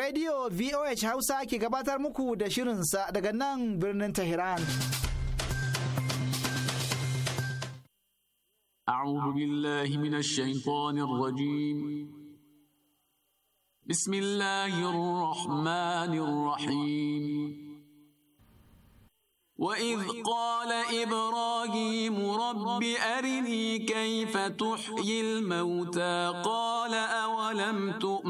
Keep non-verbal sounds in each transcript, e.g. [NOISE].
radio VOH hausa ke gabatar muku da shirinsa daga nan birnin tehran. a abu biillahi mina shimfonin wajen. bisimillahirrahmanirrahim. وإذ قال إبراهيم رب أرني كيف تحيي الموتى قال أولم تؤمن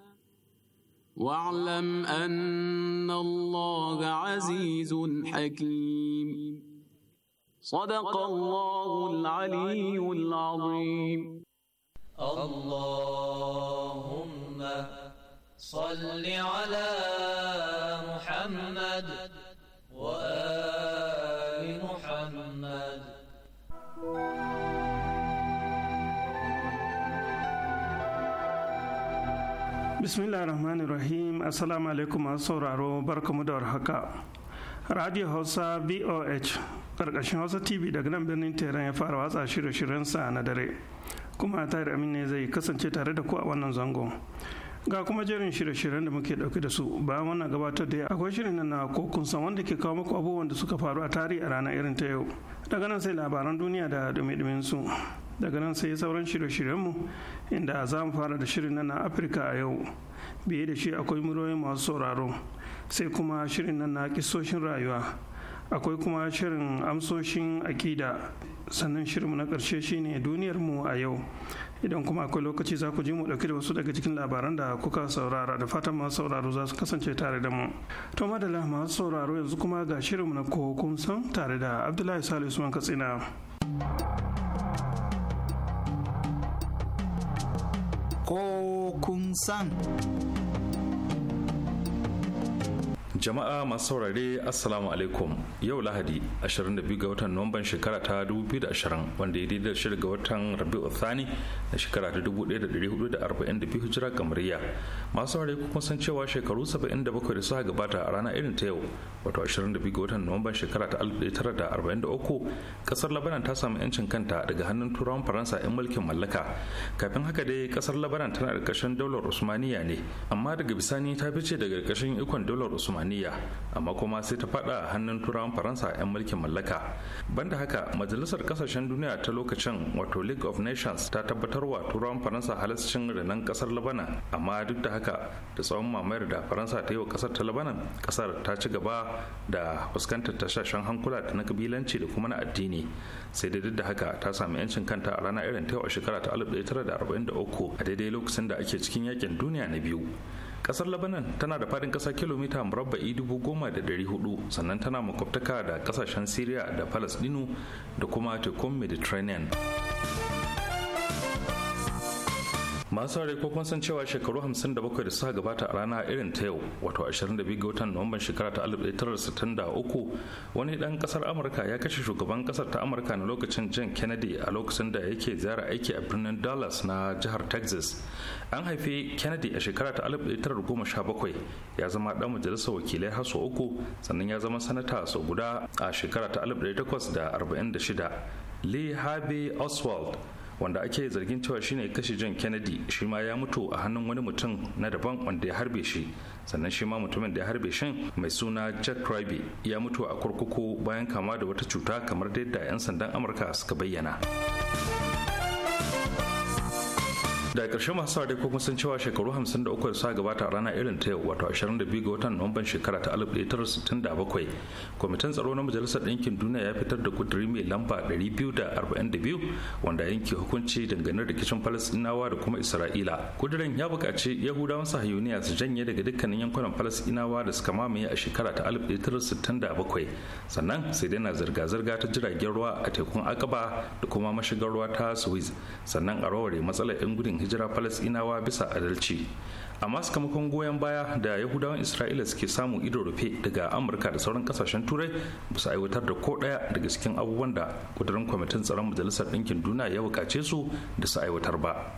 واعلم أن الله عزيز حكيم صدق الله العلي العظيم اللهم صل على محمد وآل bismillah rahmanir rahim assalamu alaikum masu sauraro barkamu da warhaka radio hausa boh karkashin hausa tv daga nan birnin tehran ya fara watsa shirye-shiryensa na dare kuma tare amin ne zai kasance tare da ku a wannan zango. ga kuma jerin shirye-shiryen da muke dauke da su bayan wannan gabatar da akwai shirin na ko kun san wanda ke kawo maku abubuwan da suka faru a tarihi a ranar irin ta yau daga nan sai labaran duniya da dumi-dumin su daga nan sai sauran shirye-shiryenmu inda za mu fara da shirin nan na afirka a yau biye da shi akwai muryoyin masu sauraro sai kuma shirin nan na kisoshin rayuwa akwai kuma shirin amsoshin akida sannan shirinmu na ƙarshe shine duniyarmu a yau idan kuma akwai lokaci za ku ji mu dauke da wasu daga cikin labaran da kuka saurara da fatan masu sauraro za su kasance tare da mu to madalla masu sauraro yanzu kuma ga shirinmu na kohokun san tare da abdullahi salisu usman katsina kun san Jama'a masu saurare Assalamu alaikum yau Lahadi 22 ga watan Nuwamban shekara ta 2020 wanda ya daidai shirin ga watan Rabi'u Thani na shekara ta 1442 hijira kamariya. Masu saurare kuma san cewa shekaru 77 da suka gabata a rana irin ta yau wato 22 ga watan Nuwamban shekara ta 1943 kasar Labanan ta samu yancin kanta daga hannun turawan Faransa 'yan mulkin mallaka. Kafin haka dai kasar Labanan tana da ƙarshen daular Usmaniya ne amma daga bisani ta fice daga ƙarshen ikon daular Usmaniya Tanzania amma kuma sai ta fada hannun turawan faransa a 'yan mulkin mallaka banda haka majalisar kasashen duniya ta lokacin wato league of nations ta tabbatar wa turawan faransa halascin renon kasar labanan amma duk da haka da tsawon mamayar da faransa ta yi wa kasar ta labanan kasar ta ci gaba da fuskantar tashashen hankula da na kabilanci da kuma na addini sai dai duk da haka ta sami yancin kanta a rana irin ta yau a shekara ta 1943 a daidai lokacin da ake cikin yakin duniya na biyu kasar labanan tana da fadin kasa kilomita murabba'i dubu goma da dari hudu sannan tana makwabtaka da kasashen syria da palestinu da kuma tekun mediterranean masu saurari ko kun san cewa shekaru 57 da suka gabata a rana irin ta yau wato 22 ga watan nuwamban shekara ta 1963 wani dan kasar amurka ya kashe shugaban kasar ta amurka na lokacin john kennedy a lokacin da yake ziyara aiki a birnin dallas na jihar texas an haifi kennedy a shekara ta 1917 ya zama dan majalisar wakilai har sau uku sannan ya zama sanata sau guda a shekara ta 1846 lee harvey oswald wanda ake zargin cewa shine kashe john kennedy shi ma ya mutu a hannun wani mutum na daban wanda ya harbe shi sannan shi ma mutumin da ya harbe shan mai suna jack Kirby ya mutu a kurkuku bayan kama da wata cuta kamar da 'yan sandan amurka suka bayyana da karshen masu saurari ko sun cewa shekaru 53 da sa gabata a rana irin ta yau wato 22 ga watan nuwamban shekara ta 1967 kwamitin tsaro na majalisar ɗinkin duniya ya fitar da kudiri mai lamba 242 wanda yanke hukunci dangane da rikicin Falasinawa da kuma isra'ila kudirin ya buƙaci yahudawan sahiyuniya su janye daga dukkanin yankunan Falasinawa da suka mamaye a shekara ta 1967 sannan sai dai na zirga-zirga ta jiragen ruwa a tekun akaba da kuma mashigar ruwa ta Suwis sannan a rawar matsalar 'yan gudun hijira falasinawa bisa adalci amma sakamakon goyon baya da yahudawan isra'ila suke samu ido rufe daga amurka da sauran kasashen turai ba su aiwatar da ko daya daga cikin abubuwan da kudurin kwamitin tsaron majalisar ɗinkin duniya ya bukace su da su aiwatar ba.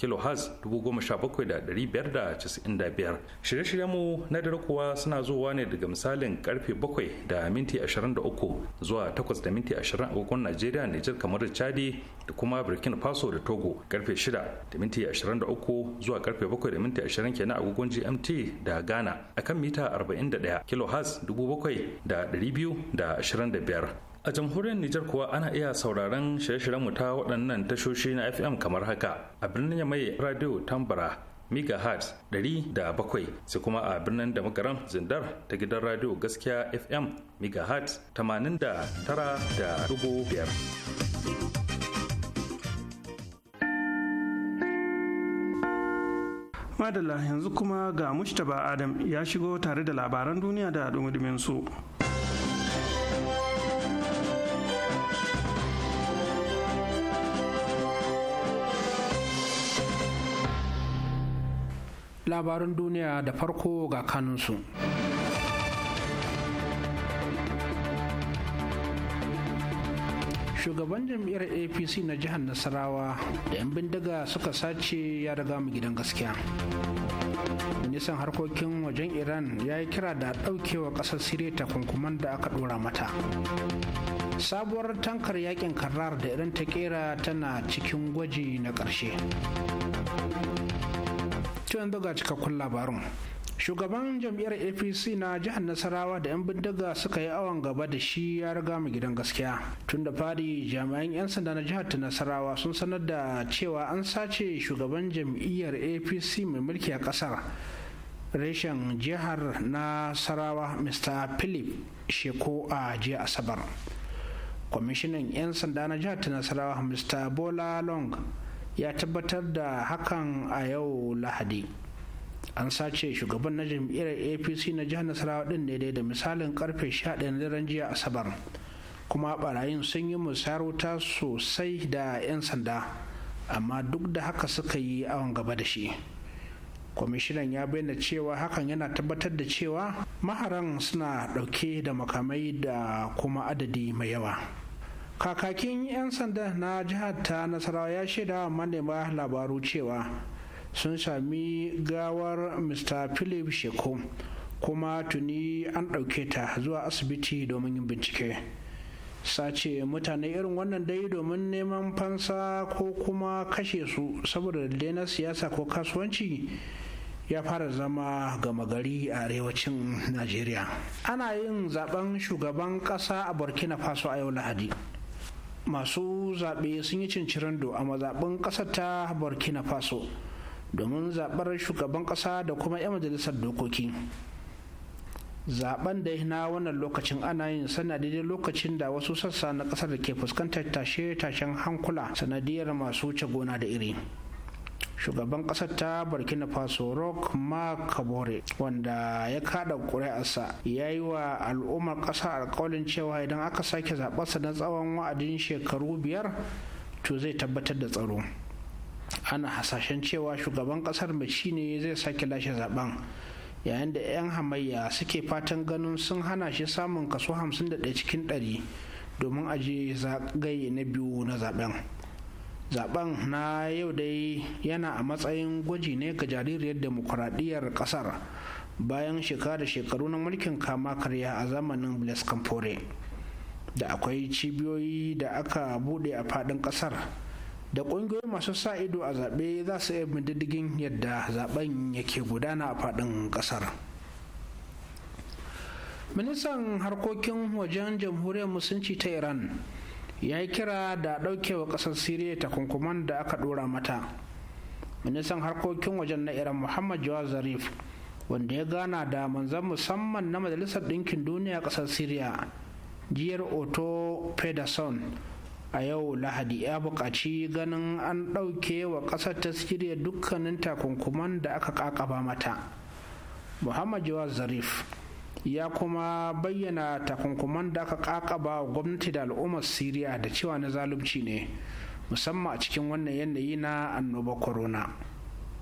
dubu goma sha da kilohertz 17595 shirye-shiryen mu na dare kuwa suna zuwa ne daga misalin karfe bakwai da minti 23 zuwa 8 da minti 20 agogon najeriya niger kamar chadi da kuma burkina faso da togo karfe shida da minti 23 zuwa karfe 7 da minti 20 kenan agogon gmt da ghana akan mita 41 kilohertz 7225 a jamhuriyar Nijar kuwa ana iya sauraron shirye-shiryen ta waɗannan tashoshi na FM kamar haka a birnin mai radio tambara megahertz 107 sai kuma a birnin da makaran zindar ta gidan radio gaskiya FM megahertz 89.5 madalla yanzu kuma ga mushtaba adam ya shigo tare da labaran duniya da dumudumin su labarin duniya da farko ga kanunsu. shugaban jam'iyyar apc na jihar nasarawa da 'yan bindiga suka sace ya riga mu gidan gaskiya ministan harkokin wajen iran ya yi kira da ɗaukewa ƙasar siriya takunkuman da aka ɗora mata sabuwar tankar yakin karar da irin ta kera tana cikin gwaji na ƙarshe to daga cika cikakkun labarin shugaban jam'iyyar apc na jihar nasarawa da 'yan bindiga suka yi awon gaba da shi ya riga mu gidan gaskiya tun da fadi jami'an 'yan sanda na jihar nasarawa sun sanar da cewa an sace shugaban jam'iyyar apc mai mulki a kasar reshen jihar nasarawa mr philip sheko a jiya asabar kwamishinan 'yan sanda na jihar nasarawa mr bola long ya tabbatar da hakan a yau lahadi an sace shugaban na jam'iyyar apc na jihar nasarawa din ne da misalin karfe 11 daren jiya asabar kuma barayin sun yi musayar wuta sosai da 'yan sanda amma duk da haka suka yi awon gaba da shi kwamishinan ya bayyana cewa hakan yana tabbatar da cewa maharan suna ɗauke da makamai da kuma adadi mai yawa kakakin 'yan sanda na jihar ta nasarawa ya shaida wa manema labaru cewa sun sami gawar mr philip sheko kuma tuni an ɗauke ta zuwa asibiti domin yin bincike sace mutane irin wannan dai domin neman fansa ko kuma kashe su saboda dalilai na siyasa ko kasuwanci ya fara zama gama gari a arewacin najeriya ana yin zaben shugaban ƙasa a burkina faso a yau lahadi masu zaɓe sun yi do, a mazaɓin ƙasar ta burkina faso domin zaɓar shugaban ƙasa da kuma 'yan majalisar dokoki Zaɓen da na wannan lokacin ana yin sana daidai lokacin da wasu sassa na ƙasar da ke fuskantar tashe-tashen hankula sanadiyar masu wuce gona da iri shugaban kasar ta burkina faso rock mark kabore wanda ya kada ƙuri'arsa ya yi wa al'ummar ƙasa alkawalin cewa idan aka sake zaɓarsa na tsawon wa'adin shekaru biyar to zai tabbatar da tsaro ana hasashen cewa shugaban kasar mai ne zai sake lashe zaben yayin da 'yan hamayya suke fatan ganin sun hana shi samun kaso 51 cikin 100 domin aje zagaye na biyu na zaben. zaben na yau dai yana a matsayin gwaji ne ga jaririyar demokuraɗiyyar ƙasar bayan shekara shekaru na mulkin kama karya a zamanin blaise da akwai cibiyoyi da aka bude a faɗin ƙasar da ƙungiyoyi masu sa ido a zaɓe za su iya diddigin yadda zaben yake gudana a faɗin ƙasar ministan harkokin wajen jamhuriyar musulunci ta iran ya yi kira da ɗaukewa ƙasar siriya takunkuman da aka ɗora mata ministan harkokin wajen na iran muhammad jawar zarif wanda ya gana da manzan musamman na majalisar ɗinkin duniya ƙasar siriya jiyar oto pederson a yau lahadi ya buƙaci ganin an ɗauke wa ƙasar ta siriya dukkanin takunkuman da aka ƙaƙaba mata muhammad jawar zarif ya kuma bayyana takunkuman da aka kakaba gwamnati da al'ummar siriya da cewa na zalunci ne musamman a cikin wannan yanayi na annoba corona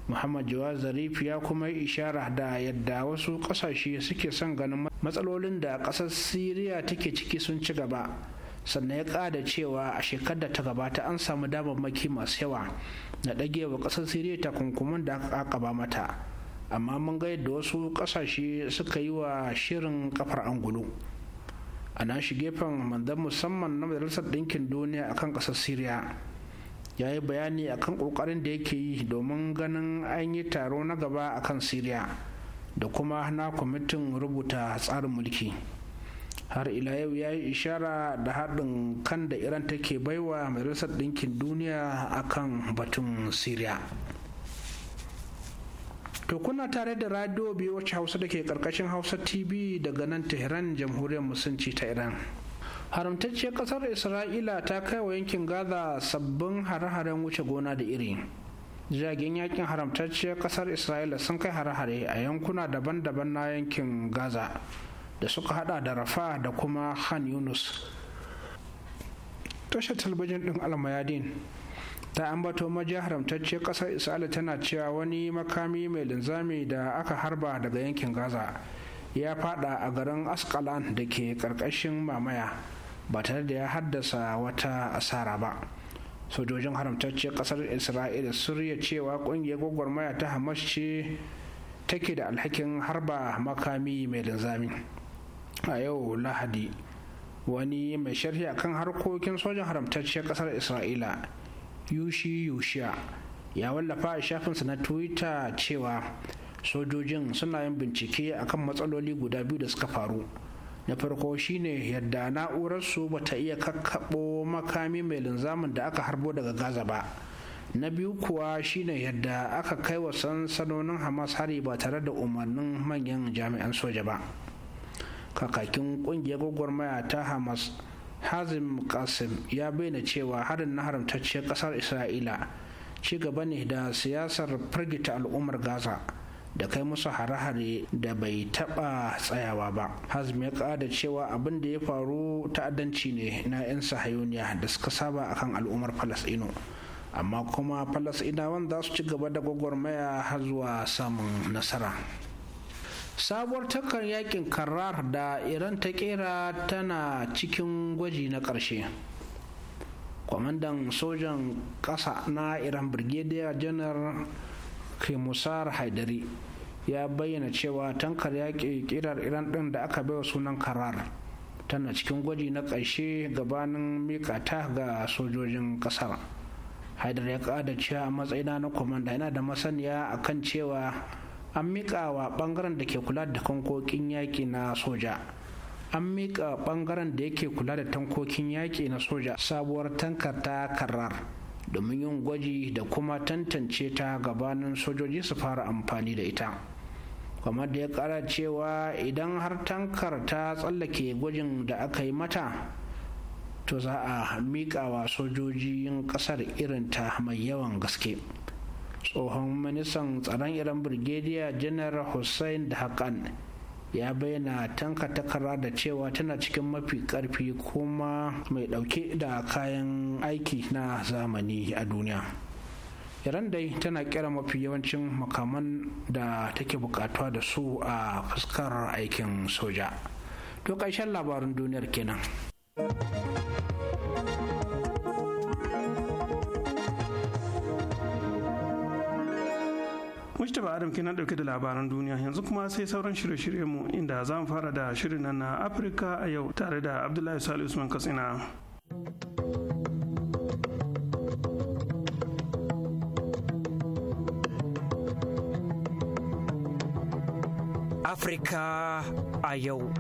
muhammad jawad zarif ya kuma yi ishara da yadda wasu kasashe suke son ganin matsalolin da kasar siriya take ciki sun ci gaba sannan ya kada cewa a shekarar da ta gabata an samu damammaki masu yawa na dagewa kasar ƙasar siriya takunkuman da aka ba mata amma mun ga yadda wasu kasashe suka yi wa shirin kafar angulu a shi gefen manzan musamman na majalisar ɗinkin duniya akan ƙasar syria ya yi bayani akan ƙoƙarin da yake yi domin ganin an yi taro na gaba akan syria da kuma na kwamitin rubuta tsarin mulki har ila yau ya yi ishara da haɗin kan da iran take baiwa majalisar ɗinkin duniya akan batun syria To kuna tare da radio wacce Hausa da ke karkashin Hausa TV daga nan Tehran jamhuriyar musulunci ta Iran. Haramtacciyar kasar Isra'ila ta kai wa yankin Gaza sabbin hare-haren wuce gona da iri. Jiragen yakin haramtacciyar kasar Isra'ila sun kai hare-hare a yankuna daban-daban na yankin Gaza da suka hada da Rafa da kuma Han Yunus. Tashar talabijin ɗin Almayadin ta ambato maji haramtacce kasar isra'ila tana cewa wani makami mai linzami da aka harba daga yankin gaza ya fada a garin askalan da ke karkashin mamaya ba tare da ya haddasa wata asara ba sojojin haramtacce kasar isra'ila surya cewa kungiyar gwagwarmaya ta hamas ce take da alhakin harba makami mai linzami a yau lahadi wani mai sharhi kan harkokin sojan haramtacciyar kasar isra'ila yushi yushiya ya wallafa a shafinsa na twitter cewa sojojin suna yin bincike a kan matsaloli guda biyu da suka faru na farko shine yadda na'urarsu ta iya kakkaɓo makami mai linzamin da aka harbo daga gaza ba na biyu kuwa shine yadda aka kai wa sansanonin hamas hari ba tare da umarnin manyan jami'an soja ba kakakin ƙungiyar gwagwarmaya ta hamas hazim kasim ya bayyana cewa harin na haramtacciyar kasar isra'ila ci gaba ne da siyasar firgita al'ummar gaza da kai musu hare-hare da bai taba tsayawa ba hazim ya kada cewa abin da ya faru ta'addanci ne na 'yan sahayoniya da suka saba akan al'ummar falasɗinu amma kuma falasinawan za su ci gaba da gwagwarmaya har zuwa samun nasara sabuwar tankar yakin karar da iran ta kera tana cikin gwaji na ƙarshe kwamandan sojan ƙasa na iran brigadier general kimusar haidari ya bayyana cewa tankar yaƙi kirar iran ɗin da aka baiwa sunan karar tana cikin gwaji na ƙarshe gabanin mika ta ga sojojin ƙasar haidar ya ƙada cewa matsayina na kwamanda yana da masaniya akan cewa an miƙa wa ɓangaren da ke kula da tankokin yaƙi na soja an miƙa ɓangaren da yake kula da tankokin yaƙi na soja sabuwar tankar ta karar domin yin gwaji da kuma tantance ta gabanin sojoji su fara amfani da ita kamar da ya ƙara cewa idan har tankar ta tsallake gwajin da aka yi mata to za a miƙa wa sojojin ƙasar irinta mai yawan gaske. tsohon ministan tsaron iran birgediya janar hussein da haƙan ya bayyana tanka takara da cewa tana cikin mafi ƙarfi kuma mai ɗauke da kayan aiki na zamani a duniya iran dai tana kera mafi yawancin makaman da take bukatuwa da su a fuskar aikin soja to ƙarshen labarin duniyar kenan taba Adam kenan dauke da labaran duniya yanzu kuma sai sauran shirye mu inda za mu fara da shirin nan na Afirka a yau tare da Abdullahi Salisu Usman Katsina. Afirka a yau.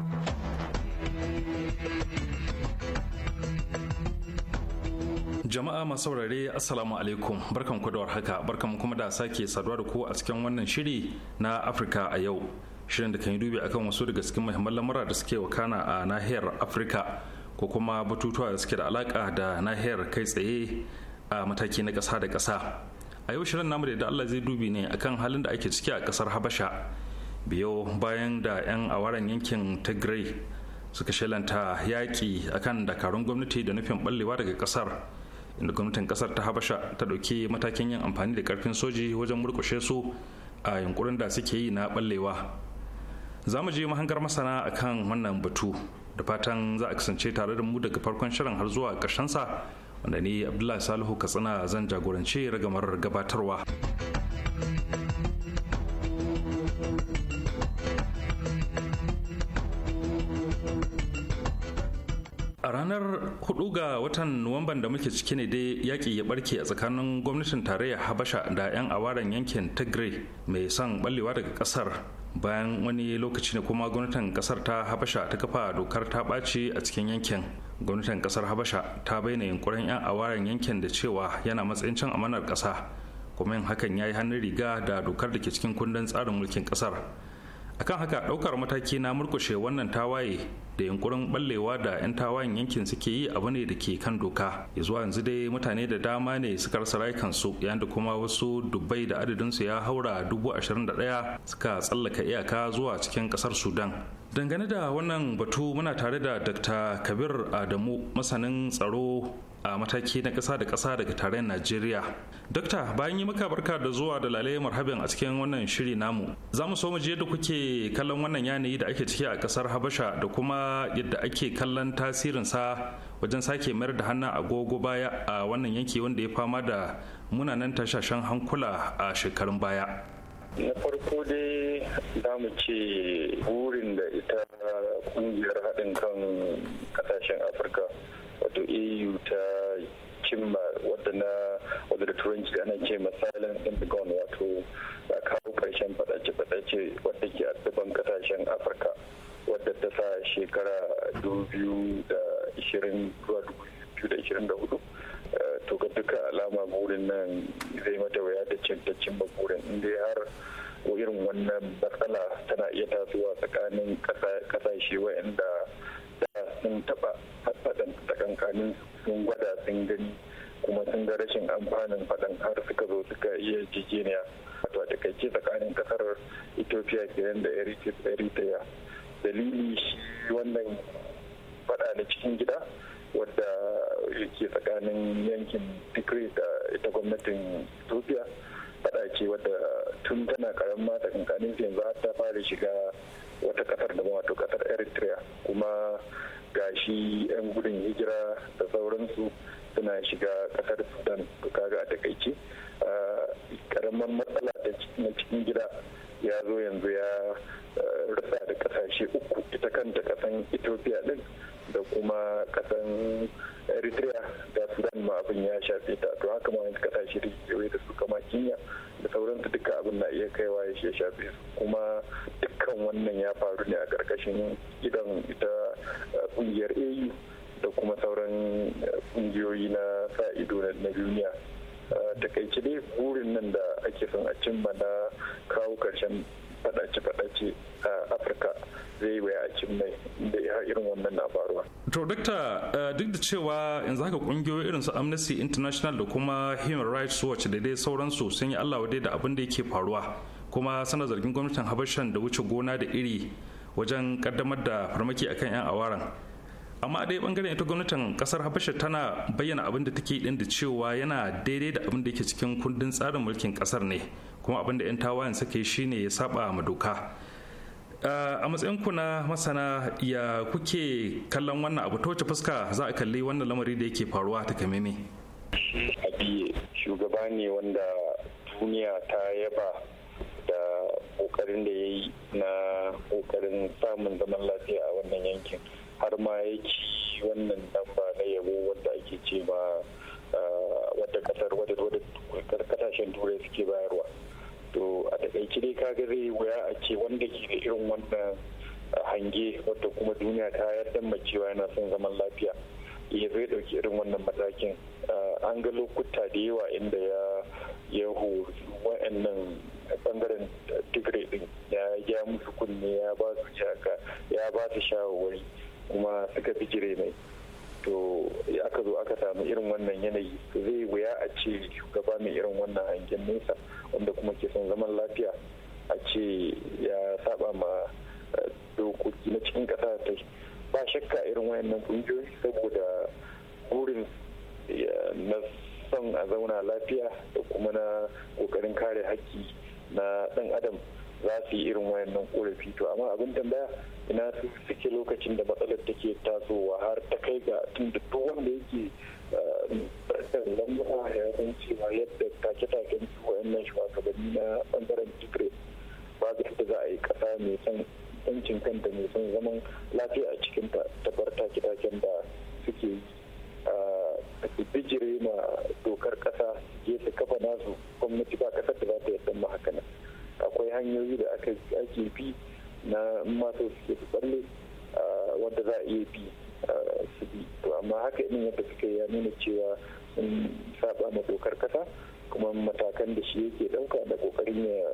Jama'a masu saurare Assalamu alaikum barkan ku da warhaka barkan kuma da sake saduwa da ku a cikin wannan shiri na Afirka a yau. Shirin da kan yi dubi akan wasu daga cikin muhimman lamura da suke wakana a nahiyar Afirka ko kuma batutuwa da suke da alaka da nahiyar kai tsaye a mataki na ƙasa da ƙasa. A yau shirin namu da Allah zai dubi ne akan halin da ake ciki a ƙasar Habasha. Biyo bayan da 'yan awaren yankin Tigray suka shelanta yaƙi akan dakarun gwamnati da nufin ballewa daga ƙasar. inda gwamnatin kasar ta habasha ta dauke matakin yin amfani da karfin soji wajen murkushe su a yunkurin da suke yi na ballewa za mu je mahangar masana kan wannan batu da fatan za a kasance tare da mu daga farkon shirin har zuwa sa wanda ni abdullahi salihu katsina zan jagoranci ragamar gabatarwa. a ranar 4 ga watan nuwamban da muke ciki ne dai yaƙi ya barke a tsakanin gwamnatin tarayya habasha da 'yan awaren yankin tigray mai son ballewa daga ƙasar bayan wani lokaci ne kuma gwamnatin ƙasar ta habasha ta kafa dokar ta ɓaci a cikin yankin gwamnatin ƙasar habasha ta bayyana yunkurin 'yan awaren yankin da cewa yana matsayin cin amanar ƙasa kuma yin hakan ya yi hannun riga da dokar da ke cikin kundin tsarin mulkin ƙasar akan haka ɗaukar mataki na murkushe wannan tawaye da yunkurin ballewa da 'yan tawayen yankin suke yi abu ne da ke kan doka ya zuwa yanzu dai mutane da dama ne suka rasa rayukansu yayin da kuma wasu dubbai da adadinsu ya haura dubu ashirin da ɗaya suka tsallaka iyaka zuwa cikin ƙasar sudan dangane da wannan batu muna tare da dr kabir adamu masanin tsaro a mataki na ƙasa da ƙasa daga tarayyar najeriya dokta bayan yi maka barka da zuwa da lalai marhabin a cikin wannan shiri namu za mu so mu je da kuke kallon wannan yanayi da ake ciki a ƙasar habasha da kuma yadda ake kallon tasirin sa wajen sake mayar da hannun agogo baya a wannan yanki wanda ya fama da munanan tashashen hankula a shekarun baya na farko dai za mu ce burin da ita kungiyar haɗin kan ƙasashen afirka wato eu ta cimma wadda na wadda da turanci ana ce masalan indigon wato a kawo karshen fadace-fadace wadda ke addaban kasashen afirka wadda ta sa shekara 2020 2024 eh, to ga duka alama burin nan zai mata waya da cinta cimma burin inda har irin wannan matsala tana iya tasowa tsakanin kasashe waɗanda da sun taɓa faɗan tsakankanin sun gwada sun gani kuma sun ga rashin amfanin faɗan har suka zo suka iya jijiniya wato a takaice tsakanin kasar ethiopia kenan da eritrea dalili shi wannan faɗa na cikin gida wadda ke tsakanin yankin tigray da ita gwamnatin ethiopia faɗa ce wadda tun tana karamma kankanin su yanzu har ta fara shiga wata kasar da wato kasar eritrea kuma gashi yan gudun hijira da sauransu suna shiga kasar sudan kaga a takaice karamar ah, matsala na cikin gida ya zo yanzu ya ah, rasa da kasashe uku ita kanta kasan ethiopia din da kuma kasan eritrea da sudan ma abin ya shafe ta to haka ma wani kasashe da kewaye su kama kenya da sauransu duka abin na iya kaiwa ya shafe su kuma dukkan wannan ya faru ne a ƙarƙashin gidan ita eh, ƙungiyar au da kuma sauran eh, ƙungiyoyi na sa ido na duniya eh, takaice dai burin nan da ake son a cimma na kawo ƙarshen faɗace-faɗace a afirka zai waya a mai da irin wannan na faruwa. to dokta eh, duk da cewa yanzu haka kungiyoyi irin su amnesty international da kuma human rights watch da dai sauransu sun yi allah wadai da abin da yake faruwa kuma sana zargin gwamnatin habashan da wuce gona da iri wajen kaddamar da farmaki akan 'yan awaran amma a ɗaya bangaren ita gwamnatin kasar habasha tana bayyana abin da take din da cewa yana daidai da abin da yake cikin kundin tsarin mulkin kasar ne kuma abin da 'yan tawayen suka yi shine ya saba ma doka Eh, a matsayin ku na masana ya kuke kallon wannan abu ta wace fuska za a kalli wannan lamari da yake faruwa ta kamene. shugaba ne wanda duniya ta yaba da kokarin da ya yi na kokarin samun zaman lafiya a wannan yankin har ma ya ci wannan damba na yabo wanda ake ce ba eh, wadda kasashen turai suke bayarwa to a takaice dai kaga zai wuya a ce wanda ke da irin wannan hange wadda kuma duniya ta yarda ma cewa yana son zaman lafiya ya zai dauki irin wannan matakin an ga lokuta da yawa inda ya ya hori wa'annan bangaren digiri din ya ya musu kunne ya ba su ya shawarwari kuma suka fi jire mai to aka zo aka samu irin wannan yanayi to zai wuya a ce shugaba mai irin wannan hangen nesa wanda kuma ke son zaman lafiya a ce ya saba ma eh, dokoki na cikin kasa ta ba shakka irin wayannan kungiyoyi saboda burin na son a zauna lafiya da kuma na kokarin kare haƙƙi na ɗan adam za su yi irin wayannan korafi to amma abin tambaya ina su suke lokacin da matsalar take tasowa har ta kai ga tun da duk wanda yake barkar eh, lamura ya san cewa yadda take-taken su wa'annan shugabanni na ɓangaren tigre ba da za a yi ƙasa mai son yancin kanta mai son zaman lafiya a cikin ta bar take-taken da suke yi eh, a bijire ma dokar ƙasa je su kafa nasu gwamnati ba kasar da za ta yadda ma haka nan akwai hanyoyi da ake bi na mata suke su tsalle wanda za a iya bi su bi to amma haka irin yadda suka ya nuna cewa sun saba ma dokar kasa kuma matakan da shi yake ɗauka da kokarin ya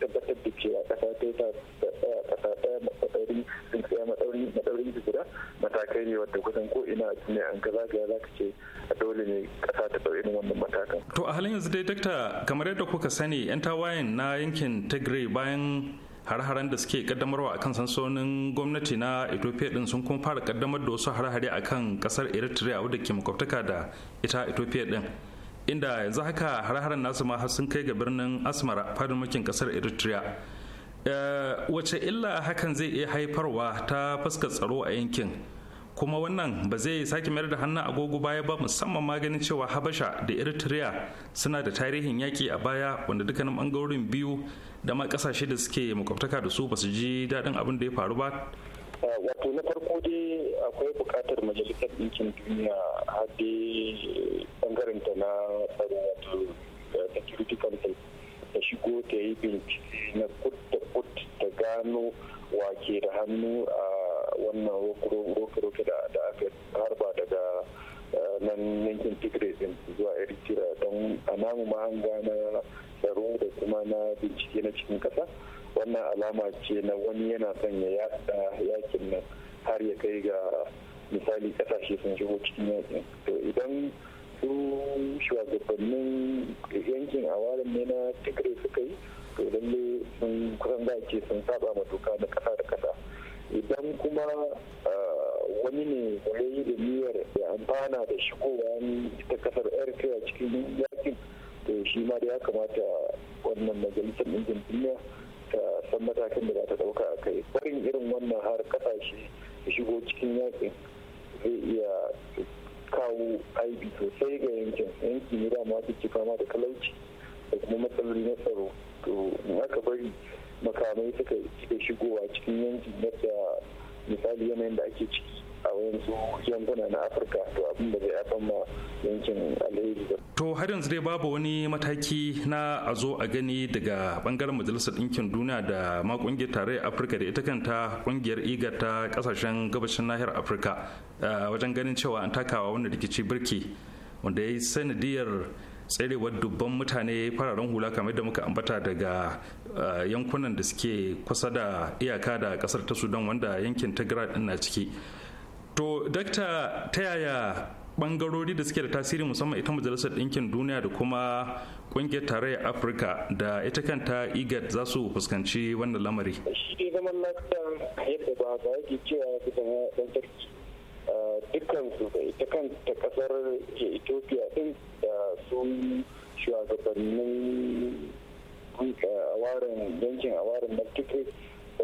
tabbatar da cewa kasa ta ta tsaya kasa ɗaya matsaurin sun tsaya matsaurin matsaurin guda matakai ne wadda kusan ko ina a an ga za ka ce a dole ne kasa ta tsau irin wannan matakan. to a halin yanzu dai dakta kamar yadda kuka sani yan tawayen na yankin tigray bayan har-haren da suke kaddamarwa akan sansonin gwamnati na ethiopia din sun kuma fara kaddamar da wasu har-hare akan kasar eritrea wadda ke makwabtaka da ita ethiopia din inda yanzu haka har-haren nasu ma sun kai ga birnin asmara fadin mulkin kasar eritrea eh, wace illa hakan zai iya haifarwa ta fuskar tsaro a yankin kuma wannan ba zai sake mayar da hannun agogo baya ba musamman maganin cewa habasha da eritrea suna da tarihin yaƙi a baya wanda dukkanin ɓangarorin biyu da ma ƙasashe da suke makwabtaka da su ba su ji daɗin abin da ya faru ba eh, wato na farko dai akwai buƙatar majalisar ɗinkin duniya har dai ɓangaren ta na tsaro wato security eh, council ta shigo ta yi bincike na kut da kut ta gano wake da hannu a wannan roke-roke da aka harba daga eh, nan yankin tigray din zuwa eritrea don a namu mahanga na tsaro da kuma na bincike na cikin kasa wannan alama ce na wani yana son ya yada yakin nan har ya kai ga misali kasashe sun shigo cikin yakin to idan su shugabannin yankin warin ne na tigre suka yi to lalle sun kusan da ke sun saba ma doka na kasa da kasa idan kuma ah, wani ne da yi da niyyar ya amfana da shigowa ta kasar eritrea cikin yakin to shi ma da ya kamata wannan majalisar ɗinkin duniya ta san matakin da za ta ɗauka a kai barin irin wannan har kasashe da shigo cikin yakin zai iya kawo aibi sosai ga yankin yankin ya dama suke fama da talauci da kuma matsaloli na tsaro to aka bari makamai suka shigowa cikin yankin yadda misali yanayin da ake ciki a wasu yankuna na afirka to abin da zai haifar ma yankin alheri to har yanzu dai babu wani mataki na a zo a gani daga bangaren majalisar ɗinkin duniya da ma kungiyar tarayyar afirka da ita kanta kungiyar igar ta kasashen gabashin nahiyar afirka wajen ganin cewa an takawa wannan rikici birki wanda ya yi sanadiyar tserewar dubban mutane fararen hula kamar da muka ambata daga yankunan da suke kusa da iyaka da kasar ta sudan wanda yankin tigray din na ciki to dakta ta yaya bangarori da suke da tasiri musamman ita majalisar ɗinkin duniya da kuma ƙungiyar tarayyar afirka da ita kanta igat za su fuskanci wannan lamari shi dai zaman lafiya yadda ba ba yake cewa bisa ɗan sarki dukkan su da ita kanta ƙasar ke ethiopia ɗin da sun shugabannin a eh, waren yankin a waren da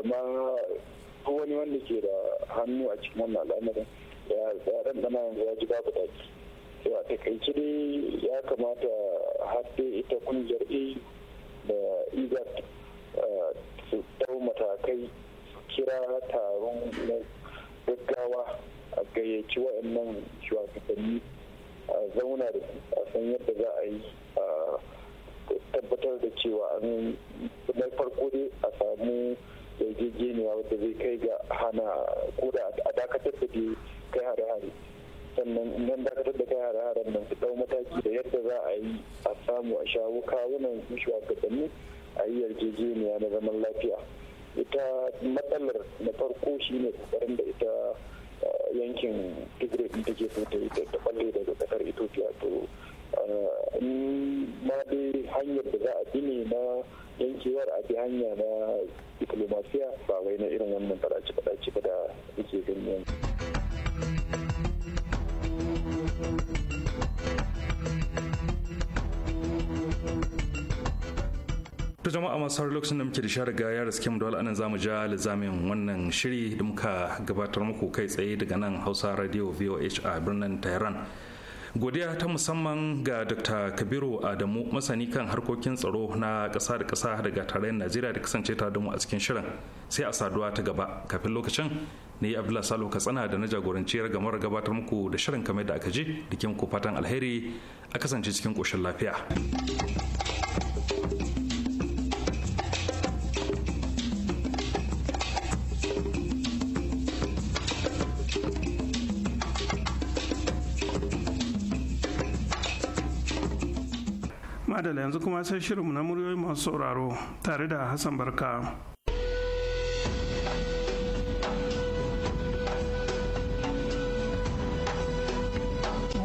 ma ko wani wanda ke da hannu a cikin wannan al'amarin ya ɗan ɗana yanzu ya ji babu daki to a takaice dai ya kamata haɗe ita kungiyar a da igat eh, su dau matakai kira taron gaggawa a gayyaci wa'annan shugabanni a zauna da a san yadda za a yi a tabbatar da cewa an na farko dai a samu yarjejeniya wadda zai kai ga hana ko a dakatar da ke kai hare-hare sannan nan dakatar da kai hare nan su dau mataki da yadda za a yi a samu a shawo kawunan shugabanni a yi yarjejeniya na zaman lafiya ita matsalar na farko shi ne kokarin da ita eh, yankin tigray take so ta yi ta balle daga kasar ethiopia to ma dai hanyar da za a fi ne na yankewar a fi hanya na diplomasiya ba wai na irin wannan faɗace-faɗace ba da ake gani yanzu. ta jama'a masu sauran lokacin da muke da share gaya da suke dole anan zamu ja lizamin wannan shiri da muka gabatar muku kai tsaye daga nan hausa radio voh a birnin tehran godiya ta musamman ga dr kabiru adamu masani kan harkokin tsaro na ƙasa da kasa daga tarayyar najeriya da kasance ta mu a cikin shirin sai a saduwa ta gaba kafin lokacin ne abdullahi salo katsina da na jagoranciyar gamar gabatar muku da shirin kamar da aka je da ke fatan alheri a kasance cikin koshin lafiya madala yanzu kuma sai shirinmu na muryoyi masu sauraro tare da hassan barka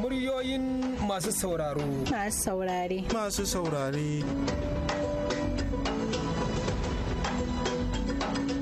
muryoyin masu sauraro masu saurare masu saurare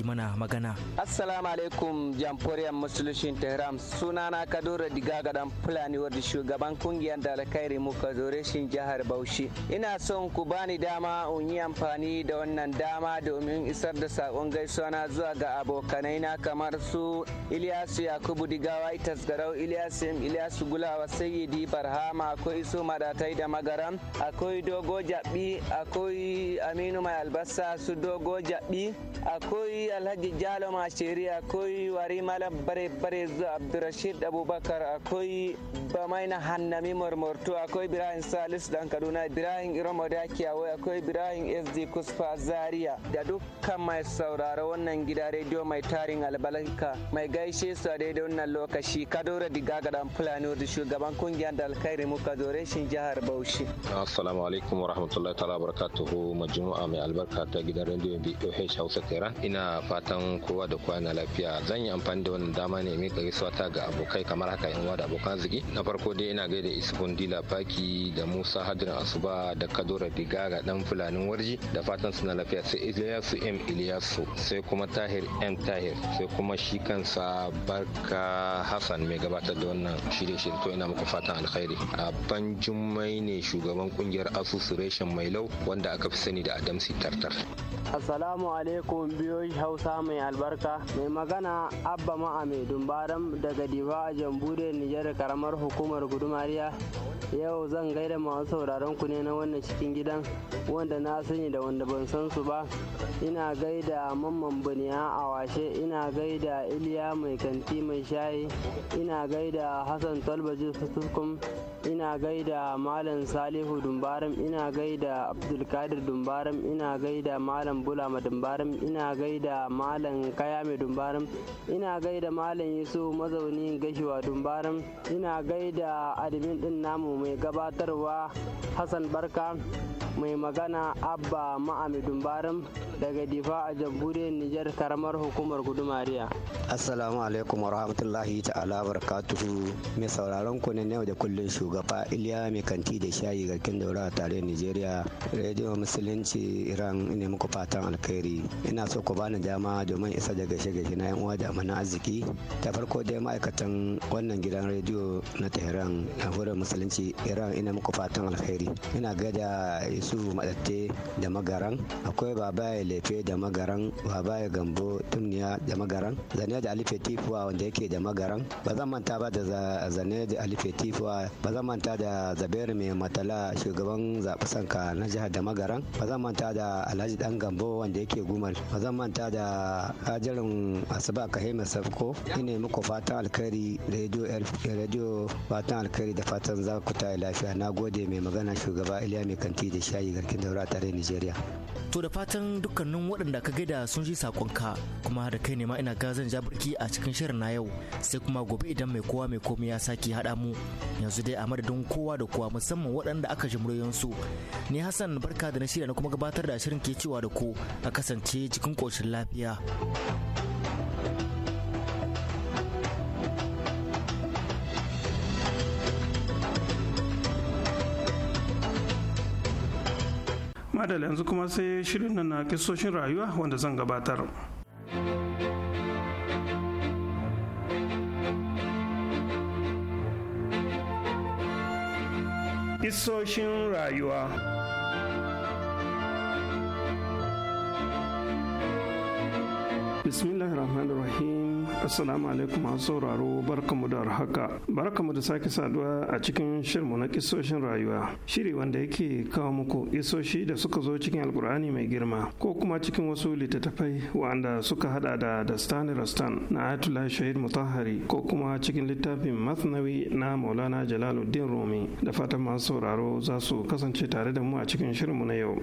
yi mana magana. Assalamu alaikum jamforiyar musulushin Tehran sunana kadora Diga dan Fulani wadda shugaban kungiyar dalakai muka zoreshin jihar Bauchi. Ina son ku bani dama in yi amfani da wannan dama domin isar da sakon gaisuwa na zuwa ga abokanai na kamar su Ilyasu Yakubu Digawa Itas Garau Ilyasu Ilyasu Gulawa Sayyidi Barhama akwai Iso Madatai da Magaram akwai Dogo Jabi akwai Aminu Mai Albasa su Dogo Jabi akwai alhaji jalo shiri akwai wari malam bare bare abdurashid abubakar akwai bamaina hannami marmarto akwai ibrahim salis dan kaduna ibrahim iroma dakiyawa akwai ibrahim sd kusfa zaria da dukkan mai sauraro wannan gida rediyo mai tarin albalanka mai gaishe su a daidai wannan lokaci kadora diga gadan fulani da shugaban kungiyar da alkhairi muka zore shin jihar bauchi assalamu alaikum wa rahmatullahi ta'ala barakatuhu majmu'a mai albarka ta gidan rediyo boh hausa tehran ina fatan kowa da kowa na lafiya zan yi amfani da wannan dama ne mika gaisuwa ta ga abokai kamar haka yan uwa da abokan arziki na farko dai ina gaida isfun dila faki da musa hadirin asuba da kadura digaga dan fulanin warji da fatan suna lafiya sai iliyasu m iliyasu sai kuma tahir m tahir sai kuma shi kansa barka hassan mai gabatar da wannan shirye shirye to ina muku fatan alkhairi a ban jummai ne shugaban kungiyar asusu reshen mailau wanda aka fi sani da adamsi tartar assalamu alaikum biyoyi hausa mai albarka mai magana abba ma'ame dumbaram daga diba a jamhuriyar nijar karamar hukumar gudumariya yau zan gaida masu sauraron ku ne na wannan cikin gidan wanda na sani da wanda ban san su ba ina gaida mamman baniya a washe ina gaida iliya mai kanti mai shayi ina gaida hassan talbaji sutukum ina gaida malam salihu dumbaram ina gaida abdulkadir dumbaram ina gaida malam bulama dumbaram ina gaida malam kaya mai dumbarin ina gaida malam yusuf mazaunin gashiwa dumbarin ina gaida admin din namu mai gabatarwa hassan barka mai magana abba ma'ami dumbarin daga difa a jamhuriyar nijar karamar hukumar gudumariya assalamu alaikum warahmatullahi ta'ala barakatuhu mai sauraron ku ne yau da kullun shugaba iliya mai kanti da shayi garkin daura tarihin nigeria Rediyo musulunci iran ne muku fatan alkhairi ina so ku bani dama domin isa da gaishe-gaishe na 'yan uwa da amana arziki ta farko dai ma'aikatan wannan gidan rediyo na tehran jamhuriyar musulunci iran ina muku fatan alheri ina gada yusufu madatte da magaran akwai babaye lefe da magaran babaye gambo tumniya da magaran zane da alife tifuwa wanda yake da magaran ba zan manta ba da zane da alife tifuwa ba zan manta da zaberi mai matala shugaban zaɓi sanka na jihar da magaran ba zan manta da alhaji dan gambo wanda yake gumal ba zan manta da da hajarin asuba kahima sabko ina muku fatan alkhairi radio fatan alkhairi da fatan za ku tayi lafiya na gode mai magana shugaba iliya mai kanti da shayi garkin daura tare nigeria to da fatan dukkanin waɗanda ka gaida sun ji sakonka kuma da kai ne ma ina gazan jabirki a cikin shirin na yau sai kuma gobe idan mai kowa mai komai ya sake haɗa mu yanzu dai a madadin kowa da kowa musamman waɗanda aka ji su ni hassan barka da na shirya na kuma gabatar da shirin ke cewa da ku a kasance cikin ƙoshin lafiya lafiya. madal yanzu kuma sai shirin nan na kisoshin rayuwa wanda zan gabatar. Kisoshin rayuwa Bismillahi rahmanir rahim assalamu alaikum masu sauraro barkamu da haka barkamu da sake saduwa a cikin shirmu na kisoshin rayuwa shiri wanda yake kawo muku isoshi da suka zo cikin alkur'ani mai girma ko kuma cikin wasu littattafai wanda suka hada da dastan rastan na atula shahid mutahari ko kuma cikin littafin masnawi na maulana jalaluddin rumi da fatan masu sauraro za su kasance tare da mu a cikin shirmu na yau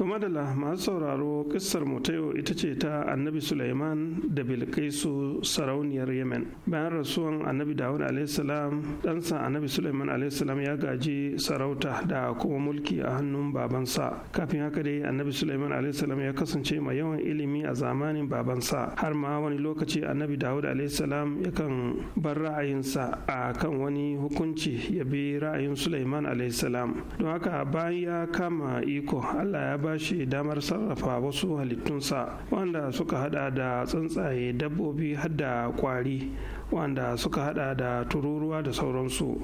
To madalla masu sauraro kissar mu ta yau ita ce ta annabi Suleiman da bilkaisu sarauniyar Yemen. Bayan rasuwan annabi Dawud alaihissalam ɗansa annabi suleiman alaihissalam ya gaji sarauta da kuma mulki a hannun babansa. Kafin haka dai annabi suleiman alaihissalam ya kasance mai yawan ilimi a zamanin babansa har ma wani lokaci annabi Dawud alaihissalam kan bar ra'ayinsa a kan wani hukunci ya bi ra'ayin Sulaiman alaihissalam. Don haka bayan ya kama iko Allah ya ba ba shi damar sarrafa wasu halittunsa wanda suka hada da tsuntsaye dabbobi har da kwari wanda suka hada da tururuwa da sauransu